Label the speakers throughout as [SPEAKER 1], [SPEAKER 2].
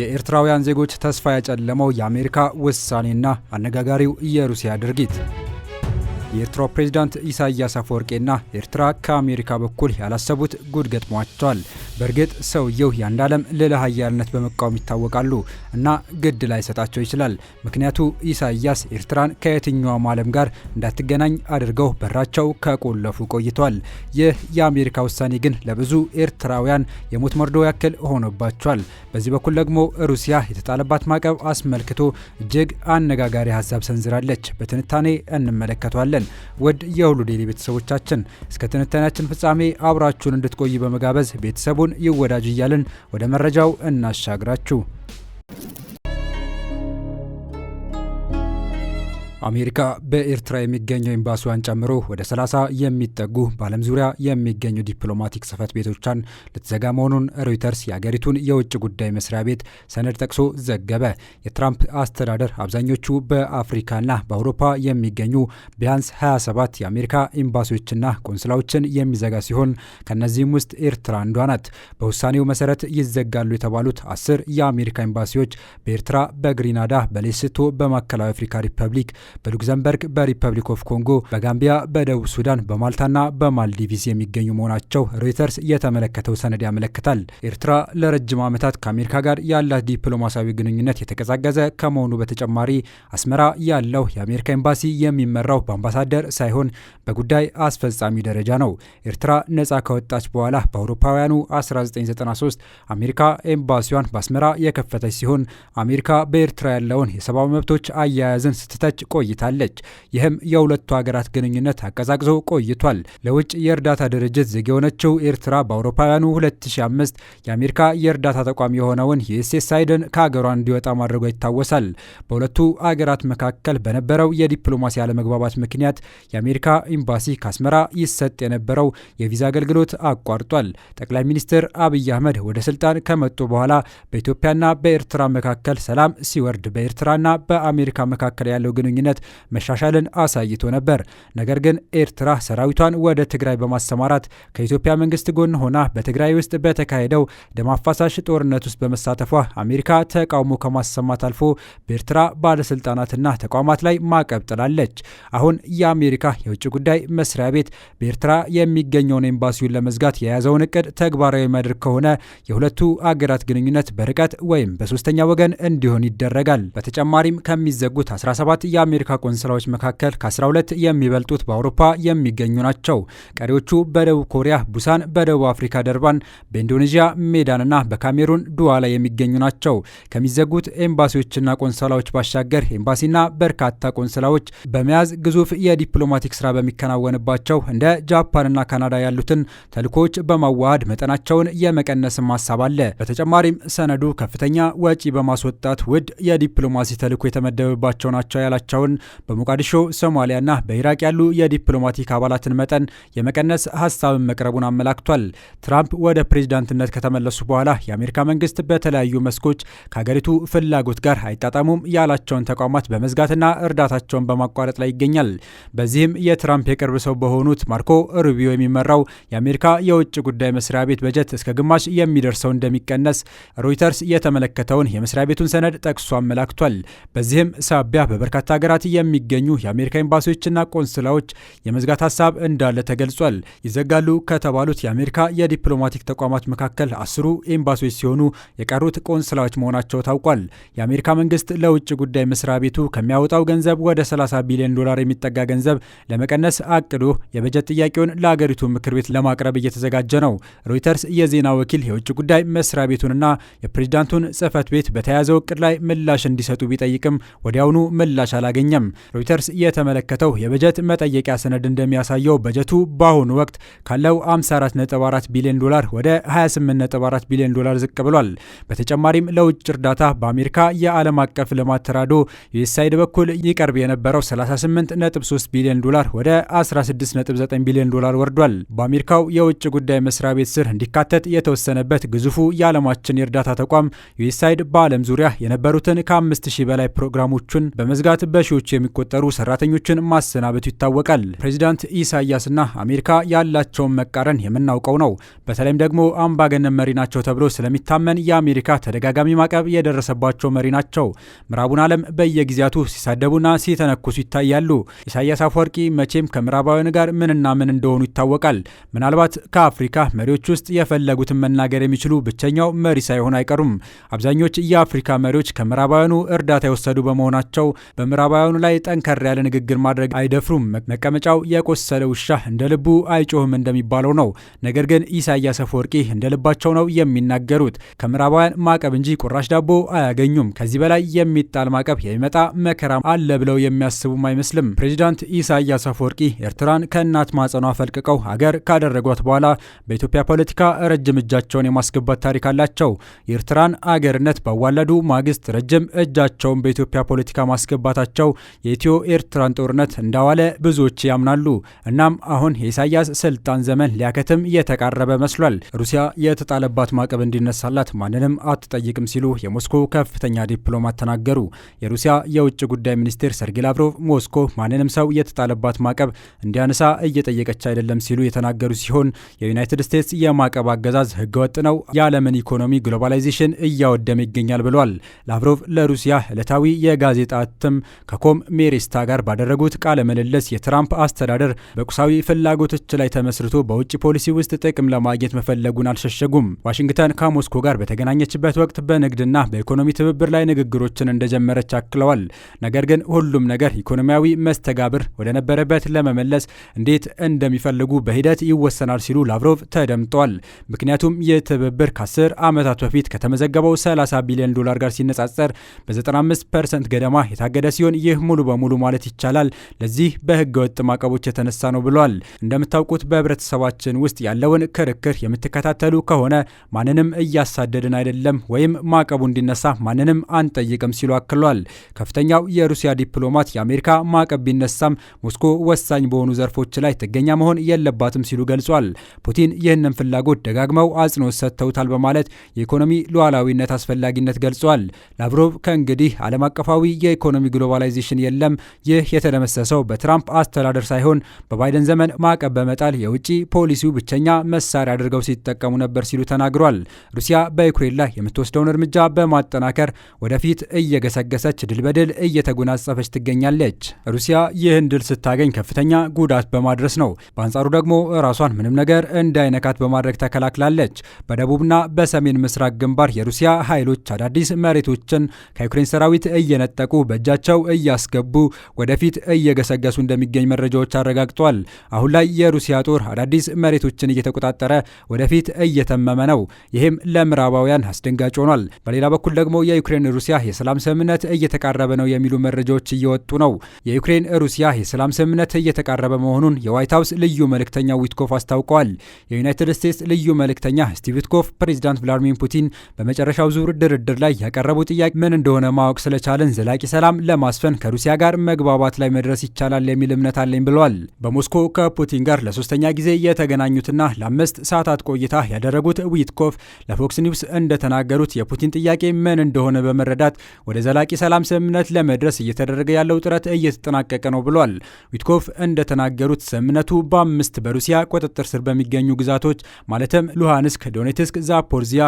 [SPEAKER 1] የኤርትራውያን ዜጎች ተስፋ ያጨለመው የአሜሪካ ውሳኔና አነጋጋሪው የሩሲያ ድርጊት የኤርትራው ፕሬዝዳንት ኢሳያስ አፈወርቄና ኤርትራ ከአሜሪካ በኩል ያላሰቡት ጉድ ገጥሟቸዋል። በእርግጥ ሰውየው የአንድ ዓለም ልዕለ ኃያልነት በመቃወም ይታወቃሉ እና ግድ ላይሰጣቸው ይችላል። ምክንያቱ ኢሳያስ ኤርትራን ከየትኛውም ዓለም ጋር እንዳትገናኝ አድርገው በራቸው ከቆለፉ ቆይቷል። ይህ የአሜሪካ ውሳኔ ግን ለብዙ ኤርትራውያን የሞት መርዶ ያክል ሆኖባቸዋል። በዚህ በኩል ደግሞ ሩሲያ የተጣለባት ማዕቀብ አስመልክቶ እጅግ አነጋጋሪ ሀሳብ ሰንዝራለች። በትንታኔ እንመለከቷለን። እንገኛለን። ውድ የሁሉ ዴይሊ ቤተሰቦቻችን እስከ ትንተናችን ፍጻሜ አብራችሁን እንድትቆይ በመጋበዝ ቤተሰቡን ይወዳጅ እያልን ወደ መረጃው እናሻግራችሁ። አሜሪካ በኤርትራ የሚገኘው ኤምባሲዋን ጨምሮ ወደ 30 የሚጠጉ በዓለም ዙሪያ የሚገኙ ዲፕሎማቲክ ጽህፈት ቤቶቿን ልትዘጋ መሆኑን ሮይተርስ የአገሪቱን የውጭ ጉዳይ መስሪያ ቤት ሰነድ ጠቅሶ ዘገበ። የትራምፕ አስተዳደር አብዛኞቹ በአፍሪካና በአውሮፓ የሚገኙ ቢያንስ 27 የአሜሪካ ኤምባሲዎችና ቆንስላዎችን የሚዘጋ ሲሆን ከእነዚህም ውስጥ ኤርትራ አንዷ ናት። በውሳኔው መሰረት ይዘጋሉ የተባሉት አስር የአሜሪካ ኤምባሲዎች በኤርትራ፣ በግሪናዳ፣ በሌስቶ፣ በማዕከላዊ አፍሪካ ሪፐብሊክ በሉክዘምበርግ፣ በሪፐብሊክ ኦፍ ኮንጎ፣ በጋምቢያ፣ በደቡብ ሱዳን፣ በማልታና በማልዲቪስ የሚገኙ መሆናቸው ሮይተርስ የተመለከተው ሰነድ ያመለክታል። ኤርትራ ለረጅም ዓመታት ከአሜሪካ ጋር ያላት ዲፕሎማሲያዊ ግንኙነት የተቀዛቀዘ ከመሆኑ በተጨማሪ አስመራ ያለው የአሜሪካ ኤምባሲ የሚመራው በአምባሳደር ሳይሆን በጉዳይ አስፈጻሚ ደረጃ ነው። ኤርትራ ነጻ ከወጣች በኋላ በአውሮፓውያኑ 1993 አሜሪካ ኤምባሲዋን በአስመራ የከፈተች ሲሆን አሜሪካ በኤርትራ ያለውን የሰብአዊ መብቶች አያያዝን ስትተች ቆ ቆይታለች። ይህም የሁለቱ ሀገራት ግንኙነት አቀዛቅዞ ቆይቷል። ለውጭ የእርዳታ ድርጅት ዝግ የሆነችው ኤርትራ በአውሮፓውያኑ 2005 የአሜሪካ የእርዳታ ተቋም የሆነውን ዩኤስኤስ አይድን ከሀገሯ እንዲወጣ ማድረጓ ይታወሳል። በሁለቱ አገራት መካከል በነበረው የዲፕሎማሲ አለመግባባት ምክንያት የአሜሪካ ኤምባሲ ከአስመራ ይሰጥ የነበረው የቪዛ አገልግሎት አቋርጧል። ጠቅላይ ሚኒስትር አብይ አህመድ ወደ ስልጣን ከመጡ በኋላ በኢትዮጵያና በኤርትራ መካከል ሰላም ሲወርድ በኤርትራና በአሜሪካ መካከል ያለው ግንኙነት ግንኙነት መሻሻልን አሳይቶ ነበር። ነገር ግን ኤርትራ ሰራዊቷን ወደ ትግራይ በማሰማራት ከኢትዮጵያ መንግስት ጎን ሆና በትግራይ ውስጥ በተካሄደው ደም አፋሳሽ ጦርነት ውስጥ በመሳተፏ አሜሪካ ተቃውሞ ከማሰማት አልፎ በኤርትራ ባለስልጣናትና ተቋማት ላይ ማዕቀብ ጥላለች። አሁን የአሜሪካ የውጭ ጉዳይ መስሪያ ቤት በኤርትራ የሚገኘውን ኤምባሲውን ለመዝጋት የያዘውን እቅድ ተግባራዊ መድረክ ከሆነ የሁለቱ አገራት ግንኙነት በርቀት ወይም በሶስተኛ ወገን እንዲሆን ይደረጋል። በተጨማሪም ከሚዘጉት 17 የአሜሪካ የአሜሪካ ቆንስላዎች መካከል ከ12 የሚበልጡት በአውሮፓ የሚገኙ ናቸው። ቀሪዎቹ በደቡብ ኮሪያ ቡሳን፣ በደቡብ አፍሪካ ደርባን፣ በኢንዶኔዥያ ሜዳንና በካሜሩን ዱዋ ላይ የሚገኙ ናቸው። ከሚዘጉት ኤምባሲዎችና ቆንስላዎች ባሻገር ኤምባሲና በርካታ ቆንስላዎች በመያዝ ግዙፍ የዲፕሎማቲክ ስራ በሚከናወንባቸው እንደ ጃፓንና ካናዳ ያሉትን ተልእኮዎች በማዋሃድ መጠናቸውን የመቀነስም ሀሳብ አለ። በተጨማሪም ሰነዱ ከፍተኛ ወጪ በማስወጣት ውድ የዲፕሎማሲ ተልእኮ የተመደበባቸው ናቸው ያላቸውን ሲሆን በሞቃዲሾ ሶማሊያና በኢራቅ ያሉ የዲፕሎማቲክ አባላትን መጠን የመቀነስ ሀሳብን መቅረቡን አመላክቷል። ትራምፕ ወደ ፕሬዚዳንትነት ከተመለሱ በኋላ የአሜሪካ መንግስት በተለያዩ መስኮች ከሀገሪቱ ፍላጎት ጋር አይጣጣሙም ያላቸውን ተቋማት በመዝጋትና እርዳታቸውን በማቋረጥ ላይ ይገኛል። በዚህም የትራምፕ የቅርብ ሰው በሆኑት ማርኮ ሩቢዮ የሚመራው የአሜሪካ የውጭ ጉዳይ መስሪያ ቤት በጀት እስከ ግማሽ የሚደርሰው እንደሚቀነስ ሮይተርስ የተመለከተውን የመስሪያ ቤቱን ሰነድ ጠቅሶ አመላክቷል። በዚህም ሳቢያ በበርካታ ሀገራት ሀገራት የሚገኙ የአሜሪካ ኤምባሲዎችና ቆንስላዎች የመዝጋት ሀሳብ እንዳለ ተገልጿል። ይዘጋሉ ከተባሉት የአሜሪካ የዲፕሎማቲክ ተቋማት መካከል አስሩ ኤምባሲዎች ሲሆኑ የቀሩት ቆንስላዎች መሆናቸው ታውቋል። የአሜሪካ መንግስት ለውጭ ጉዳይ መስሪያ ቤቱ ከሚያወጣው ገንዘብ ወደ 30 ቢሊዮን ዶላር የሚጠጋ ገንዘብ ለመቀነስ አቅዶ የበጀት ጥያቄውን ለአገሪቱ ምክር ቤት ለማቅረብ እየተዘጋጀ ነው። ሮይተርስ የዜና ወኪል የውጭ ጉዳይ መስሪያ ቤቱንና የፕሬዚዳንቱን ጽህፈት ቤት በተያያዘው እቅድ ላይ ምላሽ እንዲሰጡ ቢጠይቅም ወዲያውኑ ምላሽ አላገኝ አልተገኘም። ሮይተርስ የተመለከተው የበጀት መጠየቂያ ሰነድ እንደሚያሳየው በጀቱ በአሁኑ ወቅት ካለው 54.4 ቢሊዮን ዶላር ወደ 28.4 ቢሊዮን ዶላር ዝቅ ብሏል። በተጨማሪም ለውጭ እርዳታ በአሜሪካ የዓለም አቀፍ ልማት ተራድኦ ዩኤስአይድ በኩል ይቀርብ የነበረው 38.3 ቢሊዮን ዶላር ወደ 16.9 ቢሊዮን ዶላር ወርዷል። በአሜሪካው የውጭ ጉዳይ መስሪያ ቤት ስር እንዲካተት የተወሰነበት ግዙፉ የዓለማችን የእርዳታ ተቋም ዩኤስአይድ በዓለም ዙሪያ የነበሩትን ከ5000 በላይ ፕሮግራሞቹን በመዝጋት በሺ በሺዎች የሚቆጠሩ ሰራተኞችን ማሰናበቱ ይታወቃል። ፕሬዚዳንት ኢሳያስና አሜሪካ ያላቸውን መቃረን የምናውቀው ነው። በተለይም ደግሞ አምባገነን መሪ ናቸው ተብሎ ስለሚታመን የአሜሪካ ተደጋጋሚ ማዕቀብ የደረሰባቸው መሪ ናቸው። ምዕራቡን ዓለም በየጊዜያቱ ሲሳደቡና ሲተነኩሱ ይታያሉ። ኢሳያስ አፈወርቂ መቼም ከምዕራባውያን ጋር ምንና ምን እንደሆኑ ይታወቃል። ምናልባት ከአፍሪካ መሪዎች ውስጥ የፈለጉትን መናገር የሚችሉ ብቸኛው መሪ ሳይሆን አይቀሩም። አብዛኞች የአፍሪካ መሪዎች ከምዕራባውያኑ እርዳታ የወሰዱ በመሆናቸው በምዕራባ በአምራውያኑ ላይ ጠንከር ያለ ንግግር ማድረግ አይደፍሩም። መቀመጫው የቆሰለ ውሻ እንደ ልቡ አይጮህም እንደሚባለው ነው። ነገር ግን ኢሳያስ አፈወርቂ እንደ ልባቸው ነው የሚናገሩት። ከምዕራባውያን ማዕቀብ እንጂ ቁራሽ ዳቦ አያገኙም። ከዚህ በላይ የሚጣል ማዕቀብ የሚመጣ መከራ አለ ብለው የሚያስቡም አይመስልም። ፕሬዚዳንት ኢሳያስ አፈወርቂ ኤርትራን ከእናት ማጸኗ ፈልቅቀው ሀገር ካደረጓት በኋላ በኢትዮጵያ ፖለቲካ ረጅም እጃቸውን የማስገባት ታሪክ አላቸው። የኤርትራን አገርነት ባዋለዱ ማግስት ረጅም እጃቸውን በኢትዮጵያ ፖለቲካ ማስገባታቸው የኢትዮ ኤርትራን ጦርነት እንዳዋለ ብዙዎች ያምናሉ። እናም አሁን የኢሳያስ ስልጣን ዘመን ሊያከትም እየተቃረበ መስሏል። ሩሲያ የተጣለባት ማዕቀብ እንዲነሳላት ማንንም አትጠይቅም ሲሉ የሞስኮ ከፍተኛ ዲፕሎማት ተናገሩ። የሩሲያ የውጭ ጉዳይ ሚኒስቴር ሰርጌ ላቭሮቭ ሞስኮ ማንንም ሰው የተጣለባት ማዕቀብ እንዲያነሳ እየጠየቀች አይደለም ሲሉ የተናገሩ ሲሆን የዩናይትድ ስቴትስ የማዕቀብ አገዛዝ ህገወጥ ነው፣ የዓለምን ኢኮኖሚ ግሎባላይዜሽን እያወደመ ይገኛል ብሏል። ላቭሮቭ ለሩሲያ ዕለታዊ የጋዜጣ እትም ጃኮም ሜሪስታ ጋር ባደረጉት ቃለ ምልልስ የትራምፕ አስተዳደር በቁሳዊ ፍላጎቶች ላይ ተመስርቶ በውጭ ፖሊሲ ውስጥ ጥቅም ለማግኘት መፈለጉን አልሸሸጉም። ዋሽንግተን ከሞስኮ ጋር በተገናኘችበት ወቅት በንግድና በኢኮኖሚ ትብብር ላይ ንግግሮችን እንደጀመረች አክለዋል። ነገር ግን ሁሉም ነገር ኢኮኖሚያዊ መስተጋብር ወደነበረበት ለመመለስ እንዴት እንደሚፈልጉ በሂደት ይወሰናል ሲሉ ላቭሮቭ ተደምጠዋል። ምክንያቱም ይህ ትብብር ከአስር ዓመታት በፊት ከተመዘገበው 30 ቢሊዮን ዶላር ጋር ሲነጻጸር በ95 ፐርሰንት ገደማ የታገደ ሲሆን ይህ ይህ ሙሉ በሙሉ ማለት ይቻላል ለዚህ በህገ ወጥ ማዕቀቦች የተነሳ ነው ብሏል። እንደምታውቁት በህብረተሰባችን ውስጥ ያለውን ክርክር የምትከታተሉ ከሆነ ማንንም እያሳደድን አይደለም ወይም ማዕቀቡ እንዲነሳ ማንንም አንጠይቅም ሲሉ አክሏል። ከፍተኛው የሩሲያ ዲፕሎማት የአሜሪካ ማዕቀብ ቢነሳም ሞስኮ ወሳኝ በሆኑ ዘርፎች ላይ ጥገኛ መሆን የለባትም ሲሉ ገልጿል። ፑቲን ይህንን ፍላጎት ደጋግመው አጽንኦት ሰጥተውታል በማለት የኢኮኖሚ ሉዓላዊነት አስፈላጊነት ገልጿል። ላቭሮቭ ከእንግዲህ ዓለም አቀፋዊ የኢኮኖሚ ግሎባላይዜሽን ኮሚሽን የለም። ይህ የተደመሰሰው በትራምፕ አስተዳደር ሳይሆን በባይደን ዘመን ማዕቀብ በመጣል የውጭ ፖሊሲው ብቸኛ መሳሪያ አድርገው ሲጠቀሙ ነበር ሲሉ ተናግሯል። ሩሲያ በዩክሬን ላይ የምትወስደውን እርምጃ በማጠናከር ወደፊት እየገሰገሰች ድል በድል እየተጎናጸፈች ትገኛለች። ሩሲያ ይህን ድል ስታገኝ ከፍተኛ ጉዳት በማድረስ ነው። በአንጻሩ ደግሞ ራሷን ምንም ነገር እንዳይነካት በማድረግ ተከላክላለች። በደቡብና በሰሜን ምስራቅ ግንባር የሩሲያ ኃይሎች አዳዲስ መሬቶችን ከዩክሬን ሰራዊት እየነጠቁ በእጃቸው እያስገቡ ወደፊት እየገሰገሱ እንደሚገኝ መረጃዎች አረጋግጧል። አሁን ላይ የሩሲያ ጦር አዳዲስ መሬቶችን እየተቆጣጠረ ወደፊት እየተመመ ነው። ይህም ለምዕራባውያን አስደንጋጭ ሆኗል። በሌላ በኩል ደግሞ የዩክሬን ሩሲያ የሰላም ስምምነት እየተቃረበ ነው የሚሉ መረጃዎች እየወጡ ነው። የዩክሬን ሩሲያ የሰላም ስምምነት እየተቃረበ መሆኑን የዋይት ሀውስ ልዩ መልእክተኛ ዊትኮፍ አስታውቀዋል። የዩናይትድ ስቴትስ ልዩ መልእክተኛ ስቲቭ ዊትኮፍ ፕሬዚዳንት ቭላዲሚር ፑቲን በመጨረሻው ዙር ድርድር ላይ ያቀረቡ ጥያቄ ምን እንደሆነ ማወቅ ስለቻለን ዘላቂ ሰላም ለማስፈን ኢራን ከሩሲያ ጋር መግባባት ላይ መድረስ ይቻላል የሚል እምነት አለኝ ብለዋል። በሞስኮ ከፑቲን ጋር ለሶስተኛ ጊዜ የተገናኙትና ለአምስት ሰዓታት ቆይታ ያደረጉት ዊትኮፍ ለፎክስ ኒውስ እንደተናገሩት የፑቲን ጥያቄ ምን እንደሆነ በመረዳት ወደ ዘላቂ ሰላም ስምምነት ለመድረስ እየተደረገ ያለው ጥረት እየተጠናቀቀ ነው ብሏል። ዊትኮፍ እንደተናገሩት ስምምነቱ በአምስት በሩሲያ ቁጥጥር ስር በሚገኙ ግዛቶች ማለትም ሉሃንስክ፣ ዶኔትስክ፣ ዛፖርዚያ፣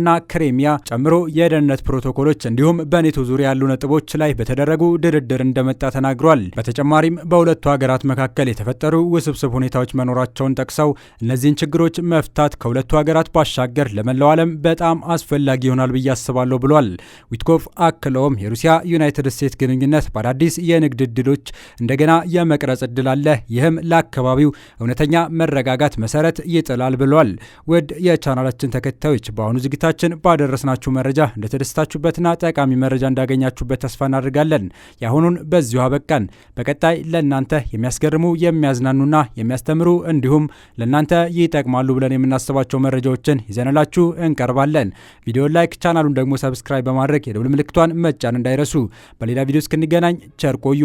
[SPEAKER 1] እና ክሬሚያ ጨምሮ የደህንነት ፕሮቶኮሎች እንዲሁም በኔቶ ዙሪያ ያሉ ነጥቦች ላይ በተደረጉ ድርድር እንደመጣ ተናግሯል። በተጨማሪም በሁለቱ ሀገራት መካከል የተፈጠሩ ውስብስብ ሁኔታዎች መኖራቸውን ጠቅሰው እነዚህን ችግሮች መፍታት ከሁለቱ ሀገራት ባሻገር ለመላው ዓለም በጣም አስፈላጊ ይሆናል ብዬ አስባለሁ ብሏል። ዊትኮፍ አክለውም የሩሲያ ዩናይትድ ስቴትስ ግንኙነት በአዳዲስ የንግድ እድሎች እንደገና የመቅረጽ እድል አለ፣ ይህም ለአካባቢው እውነተኛ መረጋጋት መሰረት ይጥላል ብሏል። ውድ የቻናላችን ተከታዮች በአሁኑ ዝግታችን ባደረስናችሁ መረጃ እንደተደስታችሁበትና ጠቃሚ መረጃ እንዳገኛችሁበት ተስፋ እናደርጋለን። የአሁኑን በዚሁ አበቃን። በቀጣይ ለእናንተ የሚያስገርሙ የሚያዝናኑና የሚያስተምሩ እንዲሁም ለእናንተ ይጠቅማሉ ብለን የምናስባቸው መረጃዎችን ይዘንላችሁ እንቀርባለን። ቪዲዮ ላይክ፣ ቻናሉን ደግሞ ሰብስክራይብ በማድረግ የደውል ምልክቷን መጫን እንዳይረሱ። በሌላ ቪዲዮ እስክንገናኝ ቸር ቆዩ።